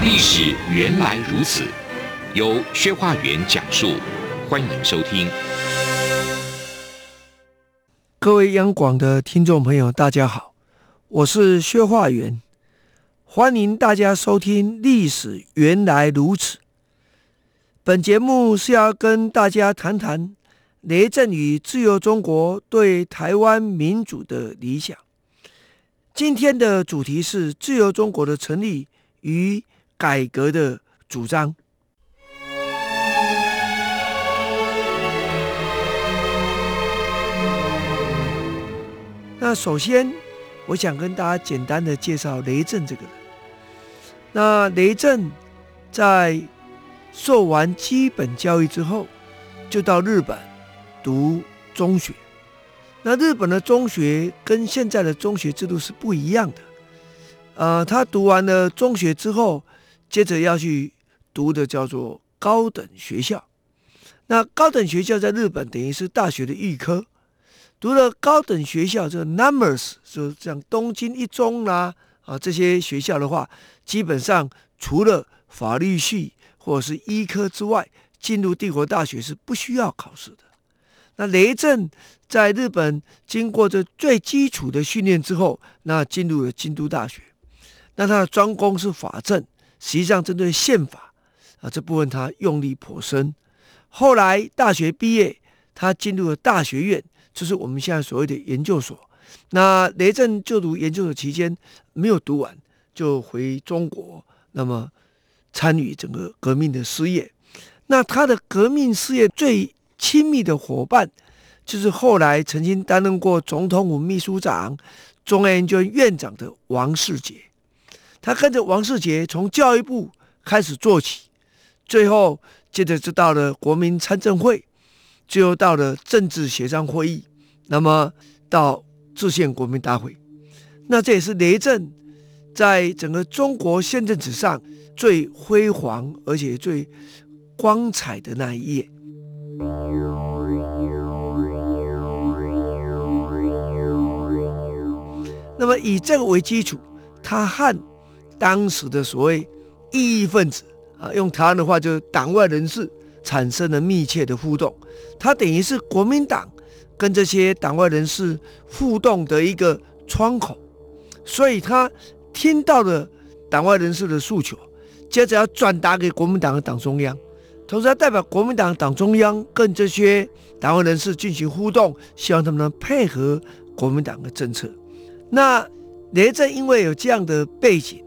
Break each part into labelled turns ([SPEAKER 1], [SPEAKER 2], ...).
[SPEAKER 1] 歷史原來如此，由薛化元講述，歡迎收聽。各位央廣的聽眾朋友，大家好，我是薛化元，歡迎大家收聽《歷史原來如此》。本節目是要跟大家談談雷震與自由中國對台灣民主的理想。今天的主題是自由中國的成立與。改革的主張。那首先，我想跟大家簡單的介紹雷震這個人。那雷震在受完基本教育之後，就到日本讀中學。那日本的中學跟現在的中學制度是不一樣的。呃，他讀完了中學之後。接着要去讀的叫做高等學校，那高等學校在日本等於是大學的預科。讀了高等學校，這個 numbers 就像東京一中啦啊，啊這些學校的話，基本上除了法律系或者是醫科之外，進入帝國大學是不需要考試的。那雷震在日本經過這最基礎的訓練之後，那進入了京都大學，那他的專攻是法政。實際上，針對憲法啊這部分，他用力頗深。後來大學畢業，他進入了大學院，就是我們現在所謂的研究所。那雷震就讀研究所期間沒有讀完，就回中國，那麼參與整個革命的事業。那他的革命事業最親密的夥伴，就是後來曾經擔任過總統府秘書長、中央研究院院長的王世杰。他跟着王世杰從教育部開始做起，最後接着就到了國民參政會，最後到了政治協商會議，那麼到制憲國民大會，那這也是雷震在整個中國憲政史上最輝煌而且最光彩的那一頁。那麼以這個為基礎，他和當時的所謂異議分子啊，用台灣的話就是黨外人士，產生了密切的互動。他等於是國民黨跟這些黨外人士互動的一個窗口，所以他聽到了黨外人士的訴求，接着要轉達給國民黨的黨中央，同時要代表國民黨黨中央跟這些黨外人士進行互動，希望他們能配合國民黨的政策。那雷震因為有這樣的背景。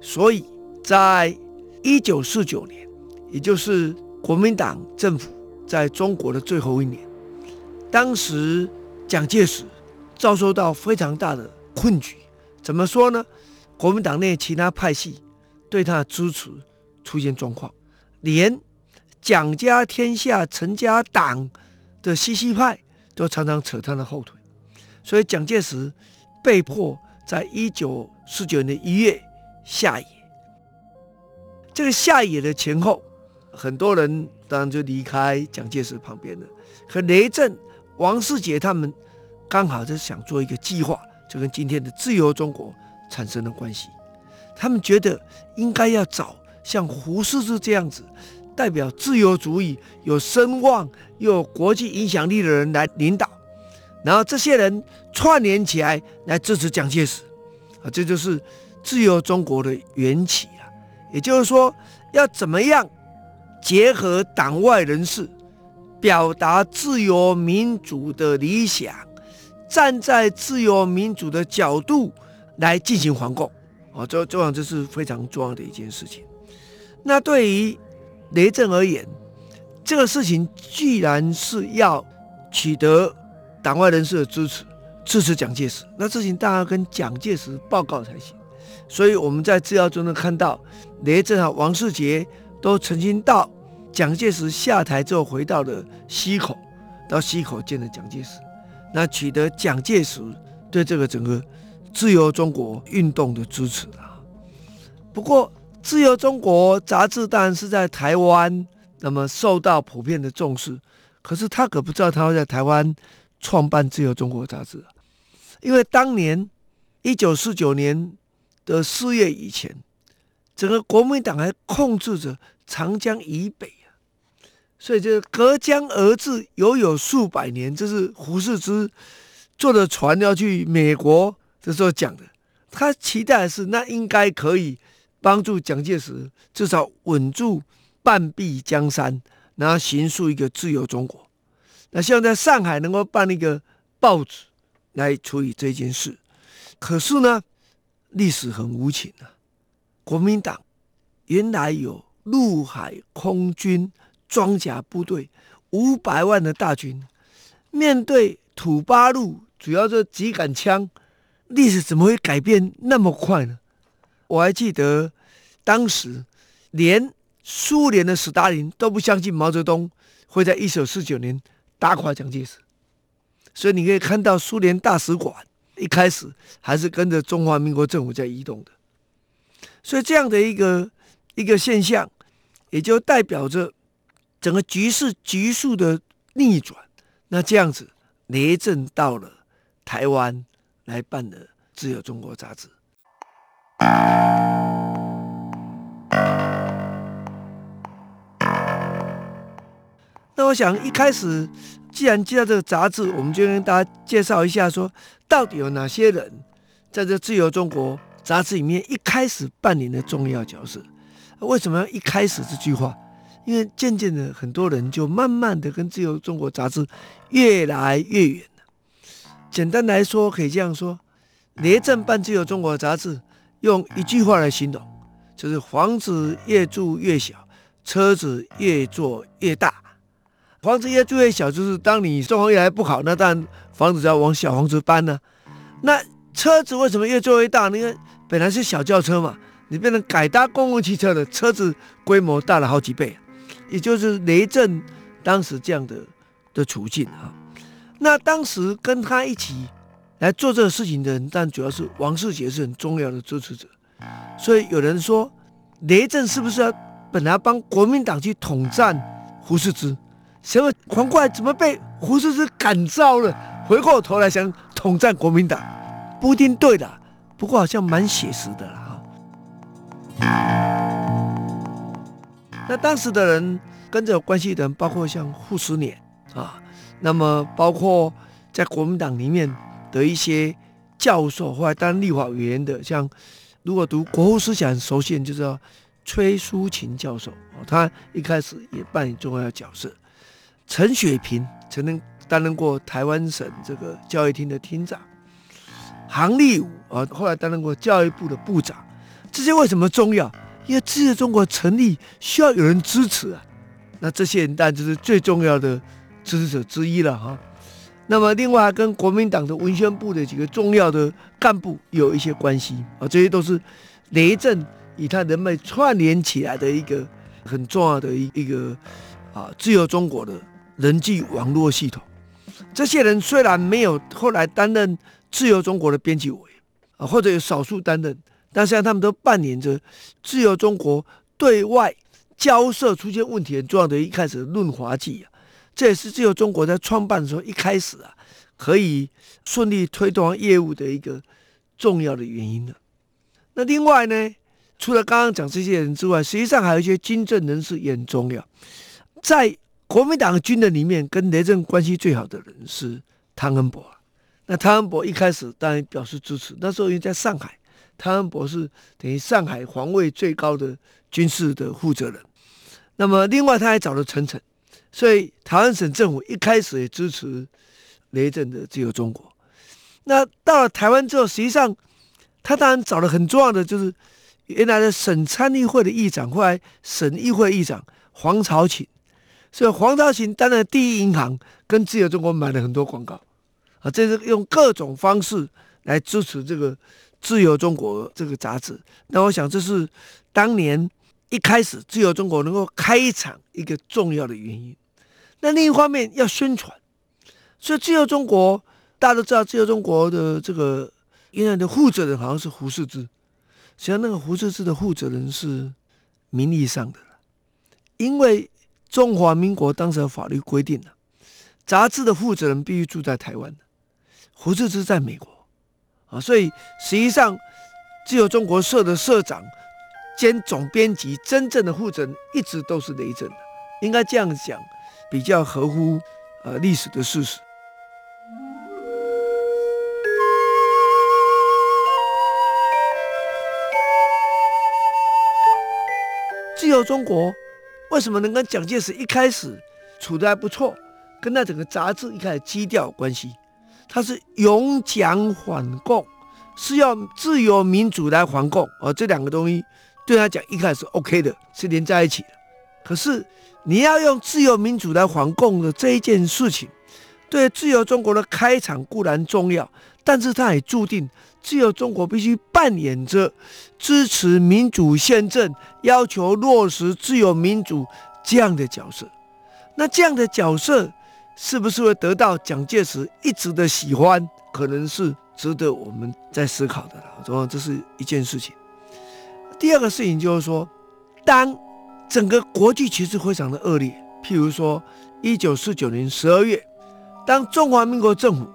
[SPEAKER 1] 所以在一九四九年，也就是國民黨政府在中國的最後一年，當時蔣介石遭受到非常大的困局。怎麼說呢？國民黨內其他派系對他的支持出現狀況，連蔣家天下、陳家黨的西西派都常常扯他的後腿。所以蔣介石被迫在一九四九年一月。下野，這個下野的前後，很多人當然就離開蔣介石旁邊了。可雷震、王世杰他們剛好就想做一個計劃，就跟今天的自由中國產生了關係。他們覺得應該要找像胡適之這樣子，代表自由主義、有聲望又有國際影響力的人來領導，然後這些人串聯起來來支持蔣介石。啊，這就是。自由中國的緣起啊，也就是說，要怎麼樣結合黨外人士，表達自由民主的理想，站在自由民主的角度來進行反共啊，這這樣這是非常重要的一件事情。那對於雷震而言，這個事情既然是要取得黨外人士的支持，支持蔣介石，那事情當然跟蔣介石報告才行。所以我們在資料中能看到，雷震好王世杰都曾經到蔣介石下台之後，回到了溪口，到溪口見了蔣介石，那取得蔣介石對這個整個自由中國運動的支持啊。不過，自由中國雜誌當然是在台灣，那麼受到普遍的重視。可是他可不知道，他會在台灣創辦自由中國雜誌啊，因為當年一九四九年。的四月以前，整個國民黨還控制着長江以北啊，所以就隔江而治，猶有，有數百年。這是胡適之坐着船要去美國的時候講的，他期待的是那應該可以幫助蔣介石至少穩住半壁江山，然後行述一個自由中國。那希望在上海能夠辦一個報紙來處理這件事，可是呢？歷史很無情啊！國民黨原來有陸海空軍裝甲部隊五百萬的大軍，面對土八路，主要這幾桿槍，歷史怎麼會改變那麼快呢？我還記得當時連蘇聯的斯大林都不相信毛澤東會在一九四九年打垮蔣介石，所以你可以看到蘇聯大使館。一開始還是跟着中華民國政府在移動的，所以這樣的一個一個現象，也就代表着整個局勢急速的逆轉。那這樣子，雷震到了台灣來辦的《自由中國》雜誌。那我想一開始。既然提到這個雜誌，我們就跟大家介紹一下說，說到底有哪些人在這《自由中國》雜誌裡面一開始扮演了重要角色。為什麼一開始這句話？因為漸漸的，很多人就慢慢的跟《自由中國》雜誌越來越遠了。簡單來說，可以這樣說：雷震辦《自由中國》雜誌，用一句話來形容，就是房子越住越小，車子越坐越大。房子越住越小，就是當你狀況越來越不好，那當然房子就要往小房子搬了啊。那車子為什麼越做越大呢？因為本來是小轎車嘛，你變成改搭公共汽車了，車子規模大了好幾倍。也就是雷震當時這樣的的處境啊。那當時跟他一起來做這個事情的人，但主要是王世杰是很重要的支持者，所以有人說雷震是不是要本來幫國民黨去統戰胡適之？什麼皇怪怎麼被胡適之感召了？回過頭來想統戰國民黨，不一定對的，不過好像蠻寫實的啦。啊、嗯。那當時的人跟着有關係的人，包括像傅斯年啊，那麼包括在國民黨裡面的一些教授，後來當立法委員的，像如果讀國學思想很熟悉，就知道崔書琴教授、哦，他一開始也扮演重要的角色。陳雪屏曾經擔任過台灣省這個教育廳的廳長，杭立武啊，後來擔任過教育部的部長。這些為什麼重要？因為自由中國成立需要有人支持啊。那這些人當然就是最重要的支持者之一了哈。那麼另外還跟國民黨的文宣部的幾個重要的幹部有一些關係啊。這些都是雷震與他人脈串聯起來的一個很重要的一個啊，自由中國的人際網絡系統，這些人雖然沒有後來擔任自由中國的編輯委啊，或者有少數擔任，但是他們都扮演着自由中國對外交涉出現問題很重要的一開始的潤滑劑啊。這也是自由中國在創辦的時候一開始啊，可以順利推動業務的一個重要的原因了啊。那另外呢，除了剛剛講這些人之外，實際上還有一些金正人士也很重要，在。國民黨軍人裡面，跟雷震關係最好的人是湯恩伯。那湯恩伯一開始當然表示支持，那時候因為在上海，湯恩伯是等於上海防衛最高的軍事的負責人。那麼另外他還找了陳誠，所以台灣省政府一開始也支持雷震的“自由中國”。那到了台灣之後，實際上他當然找了很重要的，就是原來的省參議會的議長，後來省議會議長黃朝琴。所以黃朝琴當然第一銀行，跟《自由中國》買了很多廣告，啊，這是用各種方式來支持這個《自由中國》這個雜誌。那我想這是當年一開始《自由中國》能夠開一場一個重要的原因。那另一方面要宣傳，所以《自由中國》大家都知道，《自由中國》的這個原來的負責人好像是胡適之，實際上那個胡適之的負責人是名義上的，因為。中華民國當時的法律規定了雜誌的負責人必須住在台灣，胡適之在美國，啊，所以實際上，自由中國社的社長兼總編輯真正的負責人一直都是雷震的，應該這樣講，比較合乎呃歷史的事實。自由中國為什麼能跟蔣介石一開始處得還不錯？跟那整個雜誌一開始基調有關係。他是擁蔣反共，是要自由民主來反共而，哦、這兩個東西對他講，一開始是 OK 的，是連在一起的。可是你要用自由民主來反共的這一件事情。對自由中國的開場固然重要，但是它也注定自由中國必須扮演着支持民主憲政、要求落實自由民主這樣的角色。那這樣的角色是不是會得到蔣介石一直的喜歡，可能是值得我們在思考的了。所以這是一件事情。第二個事情就是說，當整個國際局勢非常的惡劣，譬如說一九四九年十二月。當中華民國政府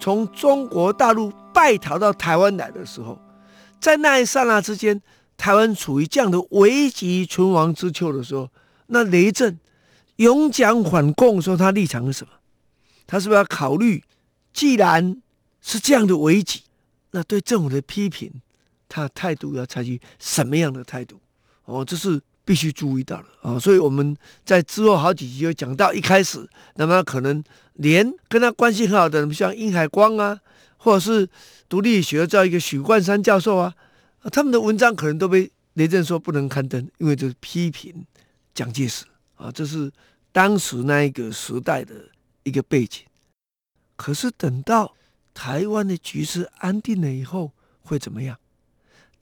[SPEAKER 1] 從中國大陸敗逃到台灣來的時候，在那一剎那之間，台灣處於這樣的危急存亡之秋的時候，那雷震，擁蔣反共，說他立場是什麼？他是不是要考慮，既然是這樣的危急，那對政府的批評，他的態度要採取什麼樣的態度？哦，這、就是。必須注意到了啊！所以我們在之後好幾集就講到，一開始那麼可能連跟他關係很好的，像殷海光啊，或者是獨立學校一個許冠山教授啊，他們的文章可能都被雷震說不能刊登，因爲就是批評蔣介石啊，這是當時那一個時代的一個背景。可是等到台灣的局勢安定了以後，會怎麼樣？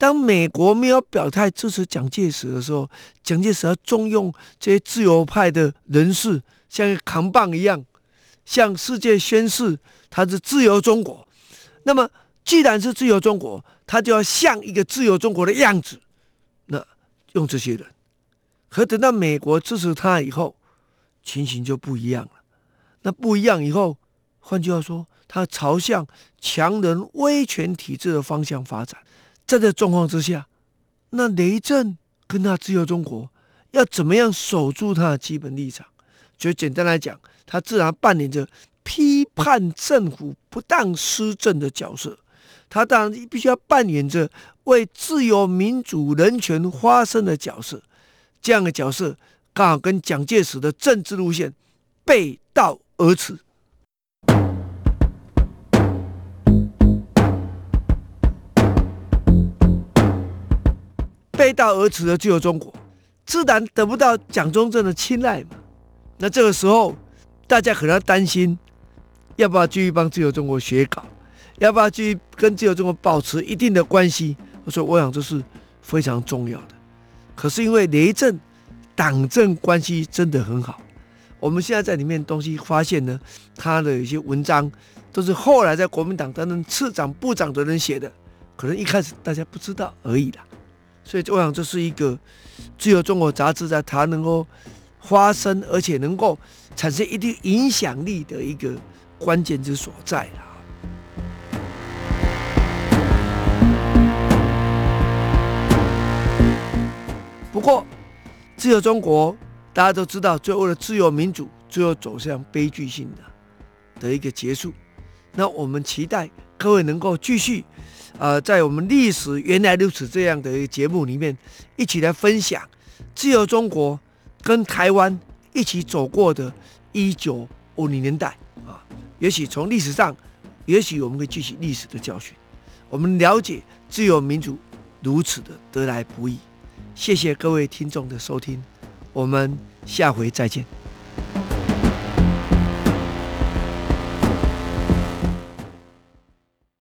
[SPEAKER 1] 當美國沒有表態支持蔣介石的時候，蔣介石要重用這些自由派的人士，像個扛棒一樣向世界宣示他是自由中國。那麼，既然是自由中國，他就要像一個自由中國的樣子。那用這些人，可等到美國支持他以後，情形就不一樣了。那不一樣以後，換句話說，他朝向強人威權體制的方向發展。在這狀況之下，那雷震跟他自由中國要怎麼樣守住他的基本立場？就簡單來講，他自然扮演着批判政府不當施政的角色。他當然必須要扮演着為自由、民主、人權發聲的角色。這樣的角色剛好跟蔣介石的政治路線背道而馳。背道而馳的自由中國，自然得不到蔣中正的青睞嘛。那這個時候，大家可能擔心，要不要繼續幫自由中國寫稿，要不要繼續跟自由中國保持一定的關係？我說，我想這是非常重要的。可是因為雷震黨政關係真的很好，我們現在在裡面東西發現呢，他的一些文章都是後來在國民黨擔任次長、部長的人寫的，可能一開始大家不知道而已啦。所以我想，這是一個自由中國雜誌在它能夠發生，而且能夠產生一定影響力的一個關鍵之所在啊。不過，自由中國大家都知道，最後的自由民主最後走向悲劇性的的一個結束。那我們期待各位能夠繼續。呃，在我們歷史元來如此這樣的一個節目裡面，一起來分享自由中國跟台灣一起走過的1950年代啊，也許從歷史上，也許我們可以汲取歷史的教訓，我們了解自由民主如此的得來不易。謝謝各位聽眾的收聽，我們下回再見。